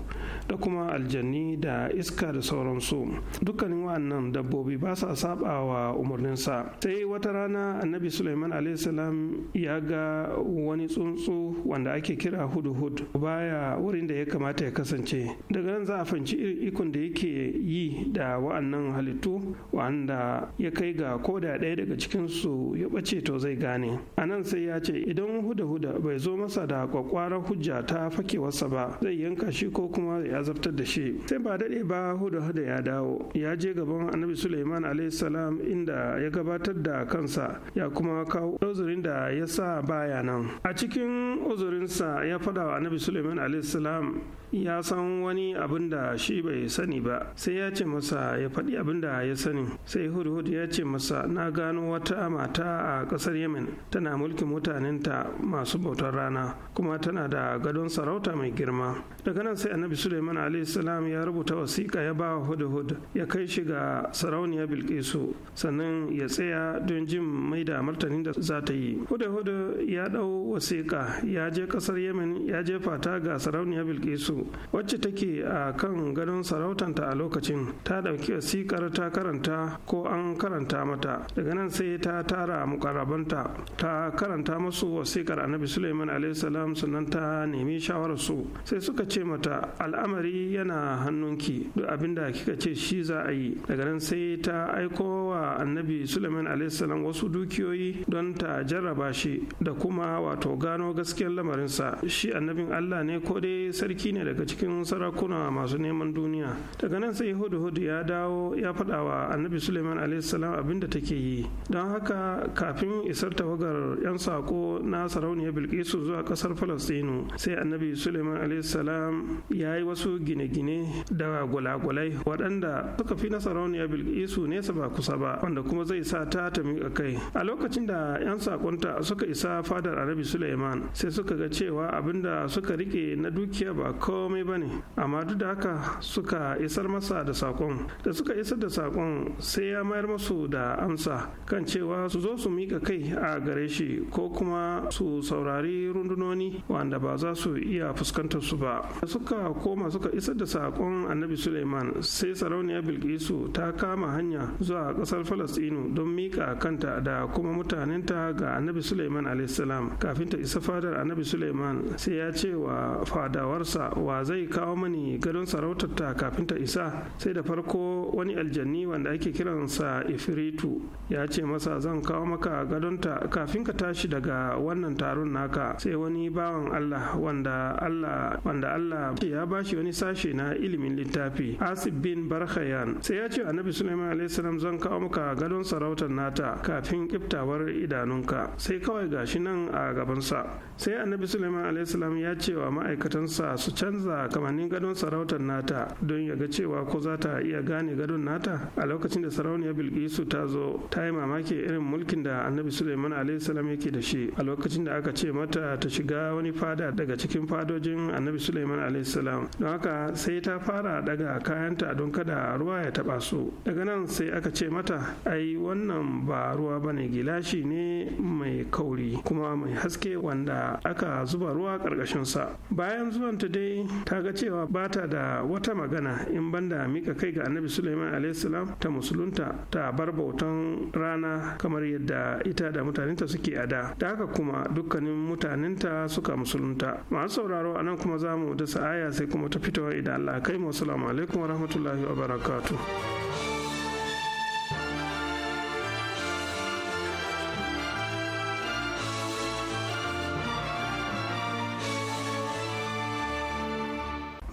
da kuma aljanni da iska da sauransu dukkanin wa'annan dabbobi ba sa saba wa umarninsa sai wata rana annabi suleiman salam ya ga wani tsuntsu wanda ake kira hudu hudu-hudu baya wurin da ya kamata ya kasance daga nan za a fahimci ikon da yake yi da wa'annan halittu wanda ya kai ga ko da ɗaya daga cikinsu ya ɓace to zai gane a nan sai ya ce idan hudu huda bai zo masa da kwakwa kwarar hujja ta fakewarsa ba zai yanka shi ko kuma ya azabtar da shi sai ba daɗe ba hudu hada ya dawo ya je gaban annabi suleiman alaihissalam inda ya gabatar da kansa ya kuma kawo uzurin da ya sa baya nan a cikin uzurinsa ya faɗa wa annabi suleiman alaihissalam ya san wani abin da shi bai sani ba sai ya ce masa ya faɗi abin da ya sani sai hudhud ya ce masa na gano wata mata a ƙasar yemen tana mulkin mutanenta masu bautar rana kuma tana da gadon sarauta mai girma daga nan sai annabi suleiman alaihissalam ya rubuta wasiƙa ya ba hudhud ya kai shi ga sarauniya bilkisu sannan ya tsaya don jin mai da martanin da za ta yi hudhud ya ɗau wasiƙa ya je ƙasar yemen ya je fata ga sarauniya bilkisu wacce take a kan gadon sarautanta a lokacin ta ɗauki wasiƙar ta karanta ko an karanta mata daga nan sai ta tara mukarrabanta ta karanta masu wasiƙar annabi suleiman alaihissalam sannan ta nemi shawararsu sai suka ce ce mata al'amari yana hannunki duk abin da kika ce shi za a yi daga nan sai ta aiko wa annabi suleiman alaihissalam wasu dukiyoyi don ta jarraba shi da kuma wato gano gaskiyar lamarinsa shi annabin allah ne ko dai sarki ne daga cikin sarakuna masu neman duniya daga nan sai hudu hudu ya dawo ya faɗa wa annabi suleiman alaihissalam abin da take yi don haka kafin isar tawagar yan saƙo na sarauniya bilkisu zuwa ƙasar falastinu sai annabi suleiman alaihissalam Islam ya yi wasu gine-gine da gwalagwalai waɗanda suka fi na sarauniya bilkisu nesa ba kusa ba wanda kuma zai sa ta ta miƙa kai a lokacin da 'yan sakonta suka isa fadar arabi suleiman sai suka ga cewa abin da suka rike na dukiya ba komai ba ne amma duk da haka suka isar masa da sakon da suka isar da sakon sai ya mayar masu da amsa kan cewa su zo su miƙa kai a gare shi ko kuma su saurari rundunoni wanda ba za su iya fuskantar su ba suka koma suka isar da saƙon annabi suleiman sai sarauniya bilkisu ta kama hanya zuwa ƙasar falastinu don miƙa kanta da kuma mutanenta ga annabi suleiman alaihissalam kafin ta isa fadar annabi suleiman sai ya ce wa fadawarsa wa zai kawo mani gadon sarautar ta kafin ta isa sai da farko wani aljanni wanda ake kiransa ifiritu ya ce masa zan kawo maka gadonta kafin ka tashi daga wannan taron naka sai wani bawan allah wanda allah wanda Allah ya bashi wani sashe na ilimin littafi Asib bin Barkhayan sai ya ce Annabi Sulaiman alaihi salam zan kawo maka gadon sarautar nata kafin kiftawar idanunka sai kawai gashi nan a gabansa sai Annabi Sulaiman alaihi salam ya ce wa ma'aikatansa su canza kamannin gadon sarautar nata don ya ga cewa ko za ta iya gane gadon nata a lokacin da sarauniya Bilkisu ta zo ta yi mamaki irin mulkin da Annabi Sulaiman alaihi salam yake da shi a lokacin da aka ce mata ta shiga wani fada daga cikin fadojin Annabi Sulaiman suleiman salam don haka sai ta fara daga kayanta don kada ruwa ya taba su daga nan sai aka ce mata ai wannan ba ruwa bane gilashi ne mai kauri kuma mai haske wanda aka zuba ruwa karkashin sa bayan zuwanta dai ta ga cewa ba ta da wata magana in banda mika kai ga annabi suleiman salam ta musulunta ta bar bautan rana kamar yadda ita da mutanenta suke ada, da da haka kuma dukkanin mutanenta suka musulunta masu sauraro anan kuma za mu dasa aya sai kuma ta fitowa idan Allah kai mu assalamu alaikum wa rahmatullahi wa barakatuh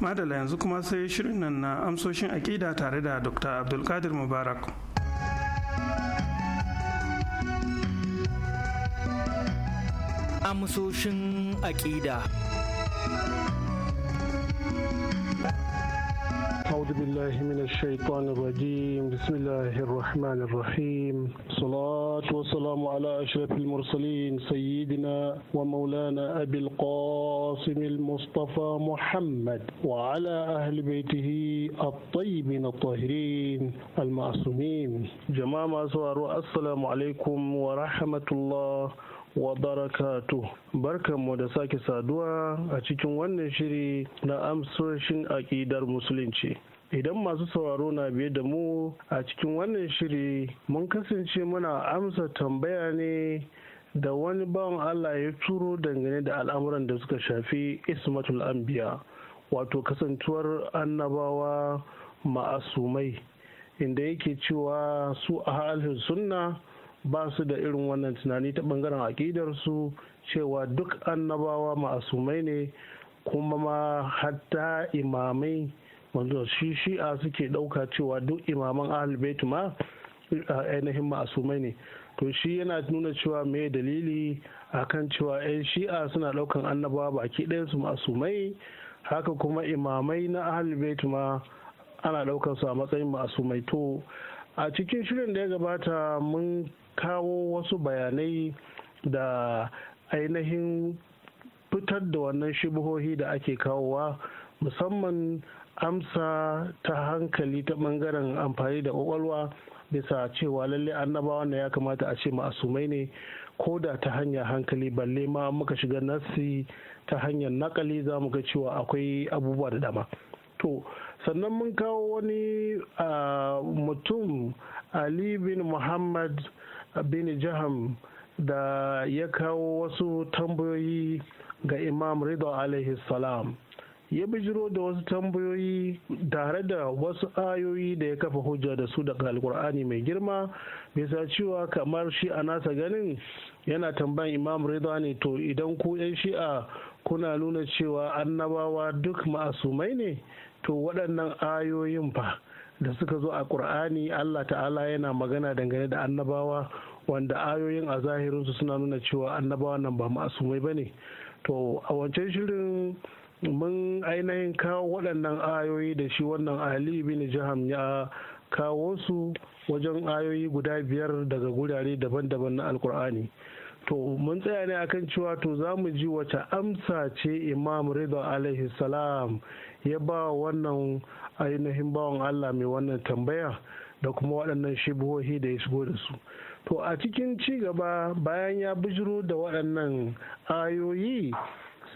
madala yanzu kuma sai shirin nan na amsoshin aƙida tare da dr abdulkadir mubarak amsoshin aƙida أعوذ بالله من الشيطان الرجيم بسم الله الرحمن الرحيم صلاة والسلام على أشرف المرسلين سيدنا ومولانا أبي القاسم المصطفى محمد وعلى أهل بيته الطيبين الطاهرين المعصومين جماعة السلام عليكم ورحمة الله wa barakatu mu da sake saduwa a cikin wannan shiri na amsoshin aƙidar musulunci idan masu sauraro na biye da mu a cikin wannan shiri mun kasance muna amsa tambaya ne da wani bawan allah ya turo dangane da al'amuran da suka shafi ismatul anbiya wato kasantuwar annabawa ma'asumai inda yake cewa su a halin sunna ba su da irin wannan tunani ta bangaren aƙidarsu cewa duk annabawa ma'asumai ne kuma ma hatta imamai wanda shi shi'a suke ɗauka cewa duk imaman ahalbaitu ma ainihin ma'asumai ne to shi yana nuna cewa me dalili akan cewa 'yan shi'a suna ɗaukan annabawa baki ɗayansu ma'asumai haka kuma imamai na ahalbaitu ma ana ɗaukansu a matsayin ma'asumai to a cikin shirin da ya gabata mun kawo wasu bayanai da ainihin fitar da wannan shubuhohi da ake kawowa musamman amsa ta hankali ta bangaren amfani da kwakwalwa bisa cewa lalle annabawa ne ya kamata a ce ma'asumai ne ko da ta hanyar hankali balle ma muka shiga nasi ta hanyar nakali za mu ga cewa akwai abubuwa da dama to sannan mun kawo wani ah, mutum ali bin muhammad bini jiham da ya kawo wasu tambayoyi ga imam Ridha alaihi salam ya bijiro da wasu tambayoyi tare da wasu ayoyi da ya kafa hujja da su daga alkur'ani mai girma bisa cewa kamar shi a nasa ganin yana tambayan imam Ridha ne to idan ku 'yan shi'a kuna nuna cewa annabawa duk ma'asumai ne to waɗannan ayoyin fa da suka zo a ƙur'ani Allah ta'ala yana magana dangane da annabawa wanda ayoyin a zahirinsu suna nuna cewa annabawa nan ba masumai ba ne to a wancan shirin mun ainihin kawo waɗannan ayoyi da shi wannan ali bin jiham ya kawo su wajen ayoyi guda biyar daga gurare daban-daban na alkur'ani to mun tsaya ne akan cewa to za mu ji wace amsa ce imam rida alaihi salam ya ba wannan ainihin bawan Allah mai wannan tambaya da kuma waɗannan shibohi da ya shigo da su. To a cikin ci gaba bayan ya bijiro da waɗannan ayoyi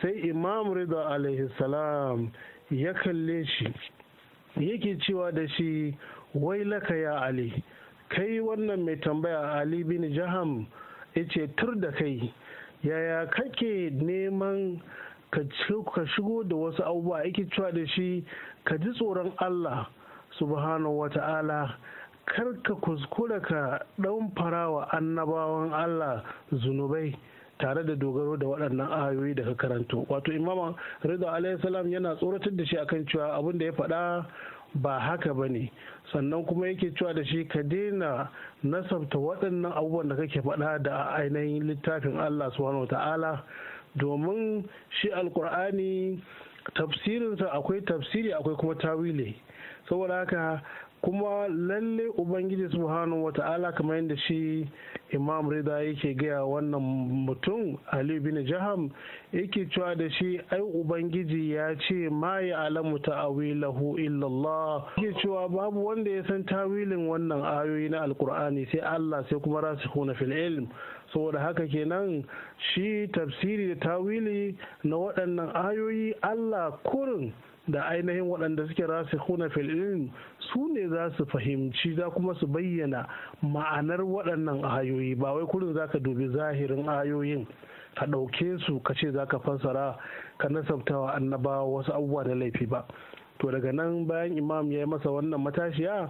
sai Imam Rida alaihi salam ya kalle shi yake cewa da shi wai laka ya Ali kai wannan mai tambaya Ali bin Jaham ya ce tur da kai yaya kake neman ka shigo da wasu abubuwa ake cewa da shi ka ji tsoron Allah subhanahu wata'ala kar ka kuskura ka ɗan farawa annabawan Allah zunubai tare da dogaro da waɗannan ayoyi da ka karanto wato imama rida alayhi salam yana tsoratar da shi akan cewa abin da ya faɗa ba haka ba ne sannan kuma yake cewa da shi ka daina nasabta waɗannan abubuwan da kake faɗa da ainihin littafin Allah subhanahu ta'ala domin shi alkur'ani tafsirinsa akwai tafsiri akwai kuma tawili saboda haka kuma lalle ubangiji subhanahu wata'ala kamar yadda shi imam rida yake gaya wannan mutum ali bin jaham yake cewa da shi ai ubangiji ya ce ma ya alamu ta'awilahu illallah yake cewa babu wanda ya san tawilin wannan ayoyi na alkur'ani sai allah sai kuma rasu fil ilm saboda haka kenan shi tafsiri da tawili na waɗannan ayoyi allah kurin da ainihin waɗanda suke rasikhuna fil ilm su ne za su fahimci za kuma su bayyana ma'anar waɗannan ayoyi ba wai kurin za ka dubi zahirin ayoyin ka ɗauke su ka ce za ka fassara ka nasabtawa annabawa wasu abubuwa da laifi ba to daga nan bayan imam ya yi masa wannan matashiya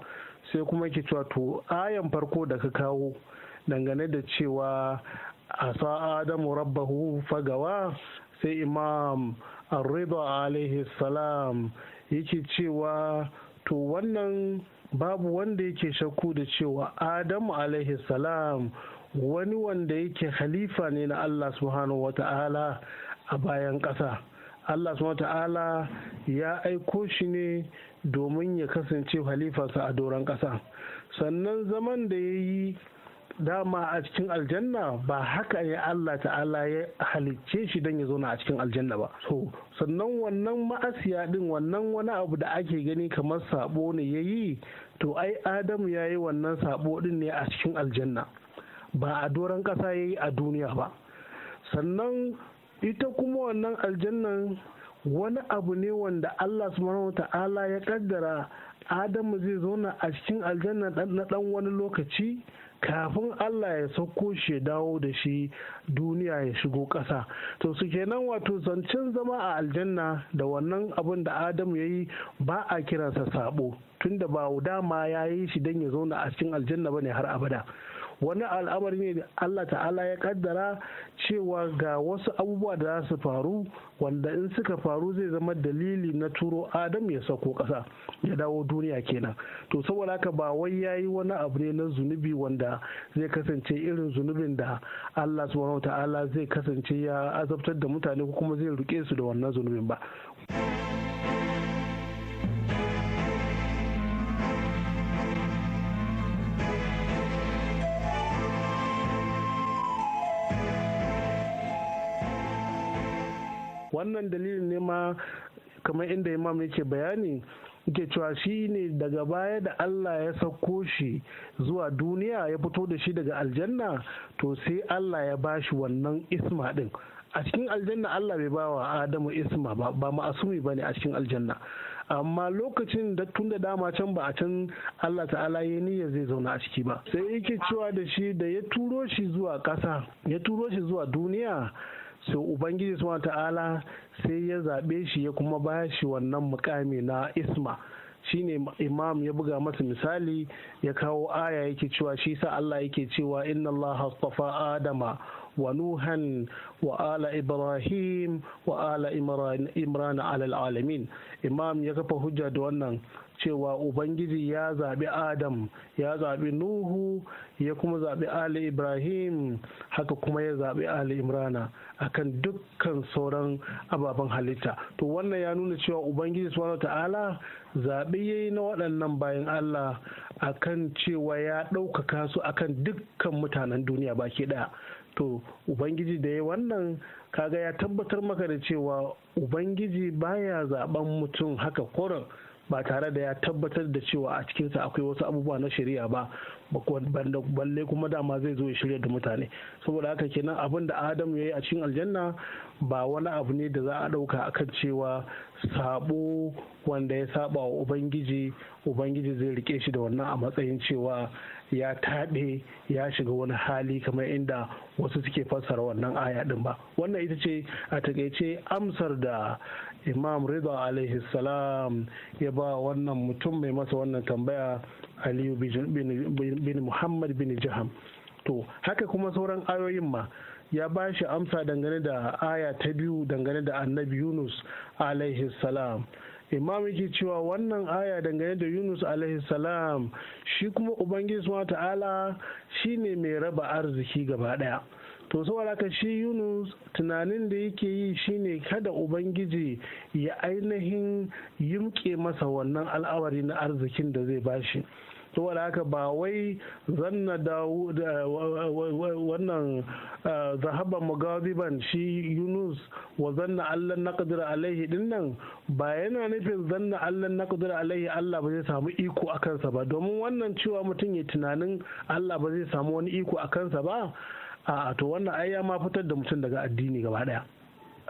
sai kuma ke cewa to ayan farko da ka kawo dangane da cewa a asa adamu rabbahu fagawa sai imam arriba alaihi salam yake cewa to wannan babu wanda yake shakku da cewa adamu alaihi salam wani wanda yake halifa ne na allah subhanahu wa ta'ala a bayan ƙasa allah subhanahu wa ta'ala ya aiko shi ne domin ya kasance halifarsa a doron ƙasa sannan zaman da ya yi dama a cikin aljanna ba haka ne Allah ta'ala ya halicce shi don ya zauna a cikin aljanna ba so sannan wannan ma'asiya din wannan wani abu da ake gani kamar sabo ne ya yi to ai adamu ya yi wannan sabo din ne a cikin aljanna ba a doron ƙasa ya yi a duniya ba sannan ita kuma wannan aljannan wani abu ne wanda Allah ta'ala ya kaddara adamu zai zauna a cikin aljanna na dan wani lokaci kafin Allah ya sauko shi ya dawo da shi duniya ya shigo ƙasa to su kenan wato zancen zama a aljanna da wannan abin da Adamu ya yi ba a kiransa sabo tunda ba dama ya yi shi don ya zauna a cikin aljanna ba ne har abada wani al'amari ne da Allah ta'ala ya kaddara cewa ga wasu abubuwa da za su faru wanda in suka faru zai zama dalili na turo adam ya sako ƙasa ya dawo duniya kenan to saboda haka ba wai yayi wani abu ne na zunubi wanda zai kasance irin zunubin da Allah subhanahu ta'ala zai kasance ya azabtar da mutane ko kuma zai rike su da wannan zunubin ba wannan dalilin ne ma kamar inda imam yake bayani Ke cewa shi ne daga baya da Allah ya sauko shi zuwa duniya ya fito da shi daga aljanna to sai Allah ya ba shi wannan isma din a cikin aljanna Allah bai bawa Adamu isma ba ba ne a cikin aljanna amma lokacin da tun da dama can ba a can Allah ta'ala ya niyya zai zauna a ciki ba sai yake cewa da shi da ya turo shi zuwa ƙasa ya turo shi zuwa duniya Sai ubangiji subhanahu ta'ala sai ya zaɓe shi ya kuma ba shi wannan mukami na isma Shi ne imam ya buga masa misali ya kawo aya yake cewa shi sa Allah yake cewa inna Allah astafa adama wa nuhan wa ala ibrahim wa ala imran alal alamin imam ya kafa hujja da wannan cewa ubangiji ya zaɓi adam ya zaɓi nuhu ya kuma zaɓi ali ibrahim haka kuma ya zaɓi ali imrana akan dukkan sauran ababen halitta to wannan ya nuna cewa ubangiji subhanahu ta'ala zaɓi ya yi na waɗannan bayan allah akan cewa ya ɗaukaka su akan dukkan mutanen duniya baki ɗaya to ubangiji da ya wannan kaga ya tabbatar maka da cewa ubangiji baya zaɓen mutum haka koran ba tare da ya tabbatar da cewa a cikinsa akwai wasu abubuwa na shari'a ba balle kuma dama zai zo ya shirya da mutane saboda haka kenan abin da adam ya yi a cikin aljanna ba wani abu ne da za a ɗauka akan cewa sabo wanda ya saba wa ubangiji ubangiji zai rike shi da wannan a matsayin cewa ya taɓe ya shiga wani hali kamar inda wasu suke fassara wannan aya ɗin ba wannan ita ce a takaice amsar da imam rida alaihi salam ya ba wannan mutum mai masa wannan tambaya aliyu bin muhammad bin jaham to haka kuma sauran ayoyin ma ya ba shi amsa dangane da aya ta biyu dangane da annabi yunus alaihi salam imam yake cewa wannan aya dangane da yunus alaihi salam shi kuma ubangiji ta'ala ne mai raba arziki gaba daya to saboda ka shi yunus tunanin da yake yi shine kada ubangiji ya ainihin yimke masa wannan al'awari na arzikin da zai bashi to alaka ba wai zanna eh, wannan eh, zahaba magaziban shi yunus wa zanna allan na kadira alaihi dinnan ba yana nufin zanna allan na kadira alaihi allah ba zai samu iko a kansa ba domin wannan cewa mutum ya tunanin allah ba zai samu wani iko a kansa ba a'a to wannan ai ya ma fitar da mutum daga addini gaba daya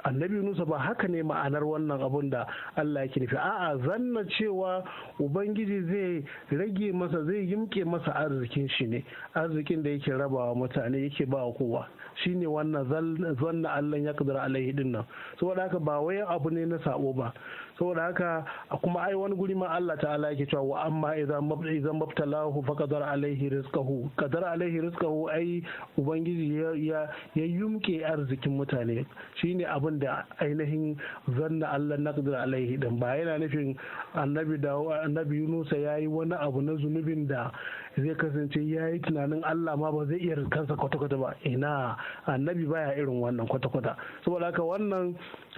annabi Musa ba haka ne ma'anar wannan abun da Allah yake nufi a'a zanna cewa ubangiji zai rage masa zai yimke masa arzikin shi ne arzikin da yake rabawa mutane yake ba wa kowa shine wannan zanna Allah ya kudura alaihi dinnan saboda haka ba wai abu ne na sabo ba saboda haka kuma ai wani guri ma Allah ta'ala yake cewa wa amma idan mabtalahu fa qadar alaihi rizqahu qadar alaihi rizqahu ai ubangiji ya ya yumke arzikin mutane shine abin da ainihin zanna Allah na naqdir alaihi din ba yana nufin annabi dawo annabi Yunus yayi wani abu na zunubin da zai kasance ya yi tunanin Allah ma ba zai iya rikansa kwata-kwata ba ina annabi baya irin wannan kwata-kwata saboda haka wannan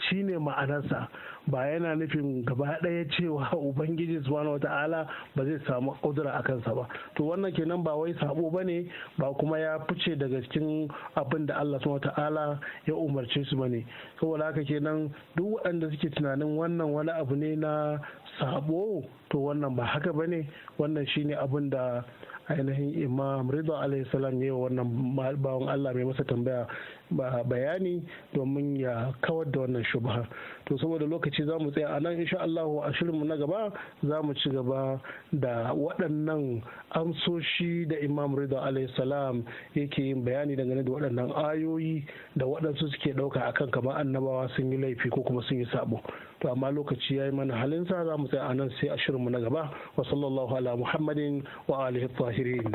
shine ma'anarsa ba yana nufin gaba ɗaya cewa [LAUGHS] ubangiji subhanahu wata'ala ba zai samu kudura a kansa ba to wannan kenan ba wai sabo ba ne ba kuma ya fice daga cikin abin da Allah subhanahu wata'ala ya umarce su bane saboda haka kenan duk waɗanda suke tunanin wannan wani abu ne na sabo to wannan ba haka ba ne wannan shine abin da ainihin imam rida salam ya wannan bawan allah mai masa tambaya Ba bayani domin ya kawar da wannan shubha to saboda lokaci za mu tsaya a nan insha Allah a shirinmu na gaba za mu ci gaba da waɗannan amsoshi da Imam Rida alayhi salam yake yin bayani dangane da waɗannan ayoyi da waɗansu suke ɗauka akan kamar annabawa sun yi laifi ko kuma sun yi sabo to amma lokaci yayi yi mana halinsa za mu tsaya a nan sai a shirin mu na gaba wa sallallahu ala muhammadin wa alihi tahirin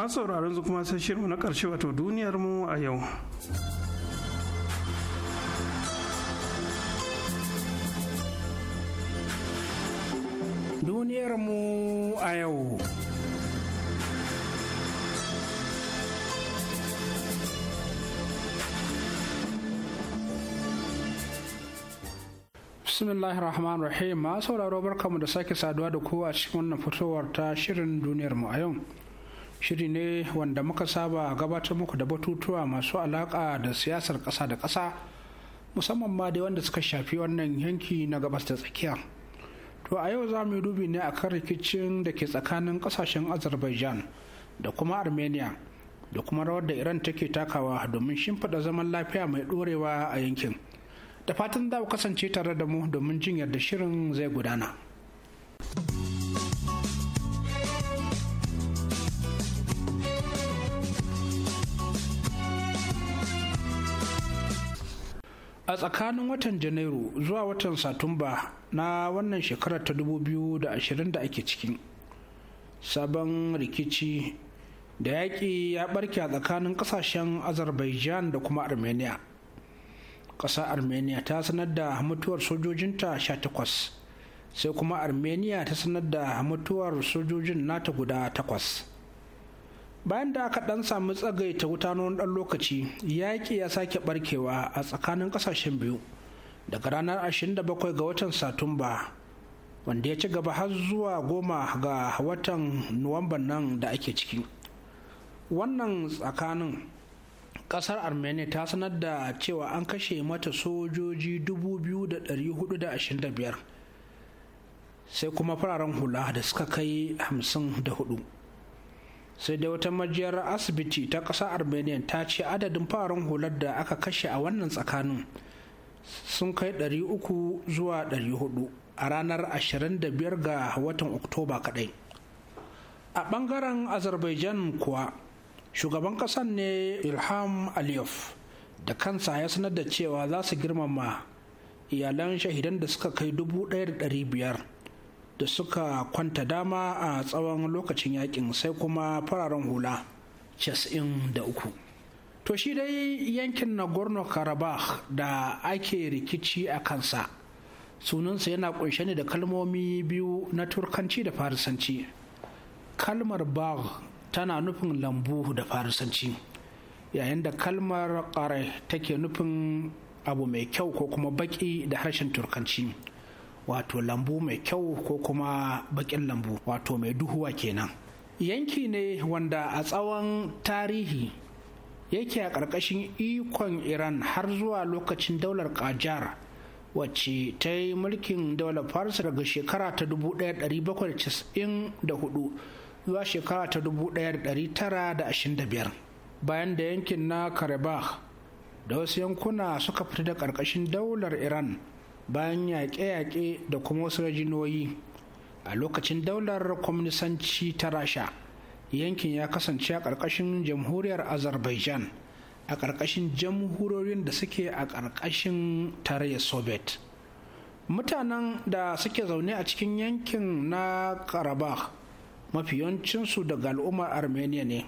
masu sauraron su kuma sai shirin na ƙarshe wato duniyar mu a yau duniyar mu a yau bismillahir rahman rahim masu sauraro barkamu da sake saduwa da kowa cikin wannan fitowar ta shirin duniyar mu a yau shiri ne wanda muka saba gabatar muku da batutuwa masu alaka da siyasar kasa da kasa musamman ma dai wanda suka shafi wannan yanki na gabas da tsakiya to a yau za mu yi dubi ne akan rikicin da ke tsakanin kasashen azerbaijan da kuma armenia da kuma rawar da iran take takawa domin shimfiɗa zaman lafiya mai ɗorewa a yankin da fatan za ku kasance tare da mu domin jin yadda shirin zai gudana. a tsakanin watan janairu zuwa watan satumba na wannan shekarar ta 2020 da ake cikin sabon rikici da yaƙi ya barke a tsakanin ƙasashen azerbaijan da kuma armenia ƙasa armenia ta sanar da mutuwar sojojinta 18 sai kuma armenia ta sanar da mutuwar sojojin nata guda takwas bayan da aka dan samu tsagaita wuta na dan lokaci yaƙi ya sake barkewa a tsakanin ƙasashen biyu daga ranar 27 ga watan satumba wanda ya ci gaba har zuwa goma ga watan Nuwamba nan da ake ciki wannan tsakanin ƙasar armenia ta sanar da cewa an kashe mata sojoji 2,425 sai kuma fararen hula da suka kai 54 sai da wata majiyar asibiti ta ƙasa armenia ta ce adadin fararen hular da aka kashe a wannan tsakanin sun kai 300 zuwa 400 a ranar 25 ga watan oktoba kadai a bangaren azerbaijan kuwa shugaban kasan ne ilham aliyev da kansa ya sanar da cewa za su girmama iyalan shahidan da suka kai 1,500 da suka kwanta dama a tsawon lokacin yakin sai kuma fararen hula 93 da uku to shi dai yankin nagorno karabakh da ake rikici a kansa sunansa yana kunshe ne da kalmomi biyu na turkanci da farisanci kalmar bagh tana nufin lambu da farisanci yayin da kalmar ƙare take nufin abu mai kyau ko kuma baki da harshen turkanci wato lambu mai kyau ko kuma bakin lambu wato mai duhuwa kenan yanki ne wanda a tsawon tarihi yake a ƙarƙashin ikon iran har zuwa lokacin daular kajar wacce ta yi mulkin daular faris daga shekara ta 1794 zuwa shekara ta 1925 bayan da yankin na karabakh da wasu yankuna suka fita da ƙarƙashin daular iran bayan yaƙe-yaƙe da kuma wasu rajinoyi a lokacin daular kwamnisanci ta rasha yankin ya kasance a ƙarƙashin jamhuriyar azerbaijan a ƙarƙashin jamhurorin da suke a ƙarƙashin tarayyar soviet mutanen da suke zaune a cikin yankin na karabakh yawancinsu daga al'ummar armenia ne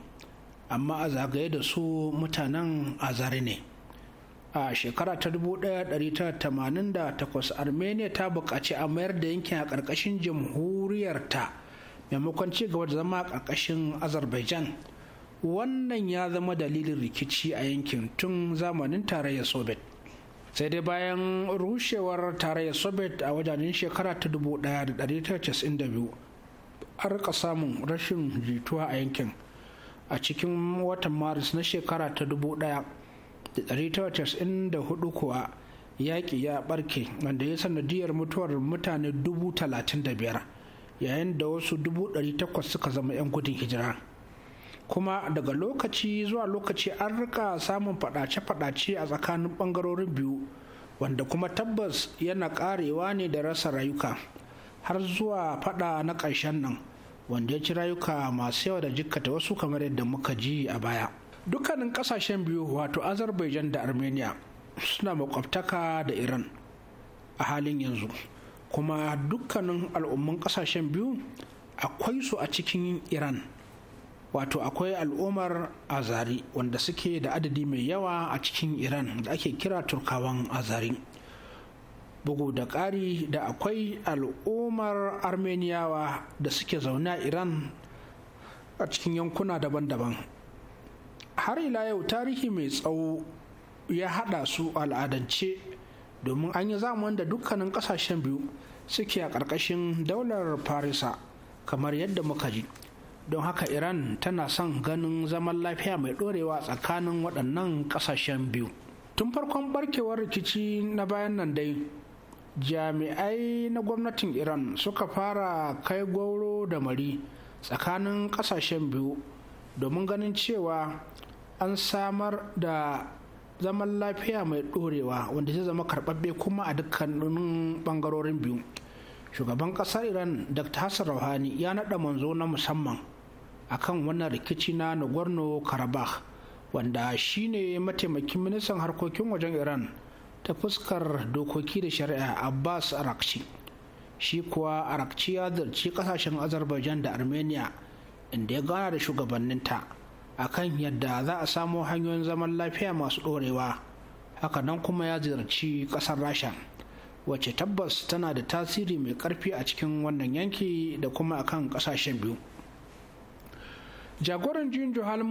amma a zagaye da su mutanen azari ne a shekara ta 1988 armenia ta buƙaci a mayar da yankin a ƙarƙashin jamhuriyarta maimakon ci gaba da zama a ƙarƙashin azerbaijan wannan ya zama dalilin rikici a yankin tun zamanin tarayyar soviet sai dai bayan rushewar tarayyar soviet a wajajen shekara ta 1992 har ka samun rashin jituwa a yankin a cikin watan maris na shekara ta 1992 1994 kuwa yaƙi ya ɓarke wanda ya sanadiyar mutuwar mutane 35,000 yayin da wasu 800 suka zama 'yan gudun hijira kuma daga lokaci zuwa lokaci an rika samun faɗace-faɗace a tsakanin ɓangarorin biyu wanda kuma tabbas yana ƙarewa ne da rasa rayuka har zuwa faɗa na ƙarshen nan wanda ya ci rayuka masu yawa da jikkata wasu kamar yadda muka ji a baya. dukkanin kasashen biyu wato azerbaijan da armenia suna makwabtaka da iran a halin yanzu kuma dukkanin al'umman kasashen biyu akwai su a cikin iran wato akwai al'ummar azari wanda suke da adadi mai yawa a cikin iran da ake kira turkawan azari bugu da ƙari da akwai al'ummar armeniyawa da suke zaune a iran a cikin yankuna daban-daban har ila yau tarihi mai tsawo ya hada su al'adance domin an yi zamani da dukkanin kasashen biyu suke a ƙarƙashin daular farisa kamar yadda muka ji don haka iran tana son ganin zaman lafiya mai ɗorewa tsakanin waɗannan ƙasashen biyu tun farkon barkewar rikici na bayan nan dai jami'ai na gwamnatin iran suka fara kai gwauro da mari tsakanin ƙasashen biyu domin ganin cewa an samar da zaman lafiya mai ɗorewa wanda zai zama karɓaɓɓe kuma a dukkanin ɓangarorin biyu shugaban ƙasar iran dr hassan rouhani ya naɗa manzo na musamman akan wannan rikici na nagorno karabakh wanda shine mataimakin ministan harkokin wajen iran ta fuskar dokoki da shari'a abbas arakci shi kuwa arakci ya zarci ƙasashen azerbaijan da armenia inda ya gana da shugabanninta a kan yadda za a samo hanyoyin zaman lafiya masu ɗorewa hakanan kuma ya ziyarci ƙasar rasha wacce tabbas tana da tasiri mai ƙarfi a cikin wannan yanki da kuma akan ƙasashen biyu jagoran jin juhal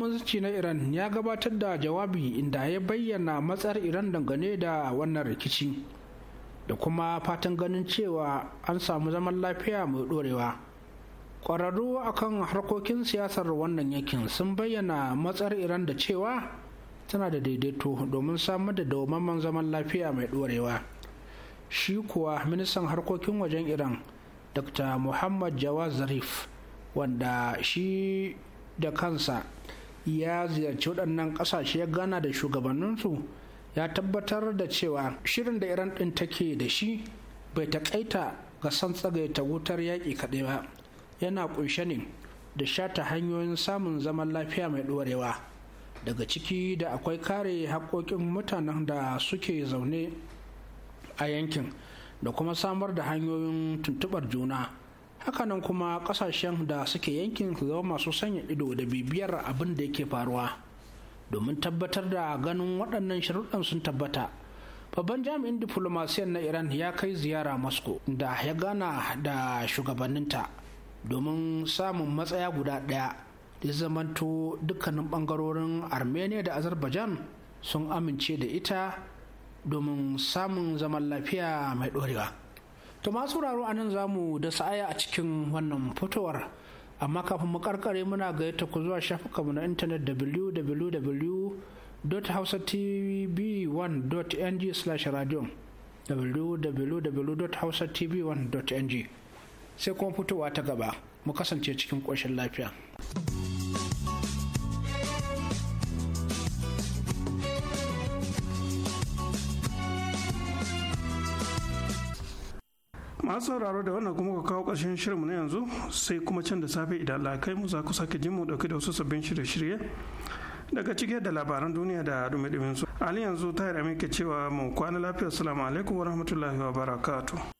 na iran ya gabatar da jawabi inda ya bayyana matsar iran dangane da wannan rikici da kuma fatan ganin cewa an samu zaman lafiya mai ɗorewa. ƙwararru akan harkokin siyasar wannan yakin sun bayyana matsar iran da cewa tana da daidaito domin samar da dawamamman zaman lafiya mai ɗorewa shi kuwa ministan harkokin wajen iran dr muhammad jawa zarif wanda shi da kansa ya ziyarci waɗannan ƙasashe ya gana da shugabanninsu ya tabbatar da cewa shirin da iran ɗin take da shi bai taƙaita ga san tsagaita wutar yaƙi kaɗai ba yana kunshe ne da shata hanyoyin samun zaman lafiya mai ɗorewa daga ciki da akwai kare haƙoƙin mutanen da suke zaune a yankin da kuma samar da hanyoyin tuntubar juna hakanan kuma ƙasashen da suke yankin su zama masu sanya ido da bibiyar abin da yake faruwa domin tabbatar da ganin waɗannan sharuɗan sun tabbata babban jami'in diflomasiyan na iran ya kai ziyara moscow da ya gana da shugabanninta domin samun matsaya guda ɗaya da zamanto dukkanin ɓangarorin armenia da azerbaijan sun amince da ita domin samun zaman lafiya mai ɗorewa to masu raro anan za mu da sa'aya a cikin wannan fitowar amma kafin mu karkare muna gayyata ku zuwa mu na intanet www.hausatv1.ng/radio www.hausatv1.ng sai kuma fitowa ta gaba mu kasance cikin ƙoshin lafiya. masu sauraro da wannan kuma ka kawo ƙarshen shirinmu na yanzu sai kuma can da safe idan lakai mu za ku sake jin mu dauke da wasu sabbin shirye-shirye daga cike da labaran duniya da dumi-dumin su hali yanzu ta yi cewa mu kwana lafiya salamu alaikum wa rahmatullahi wa barakatu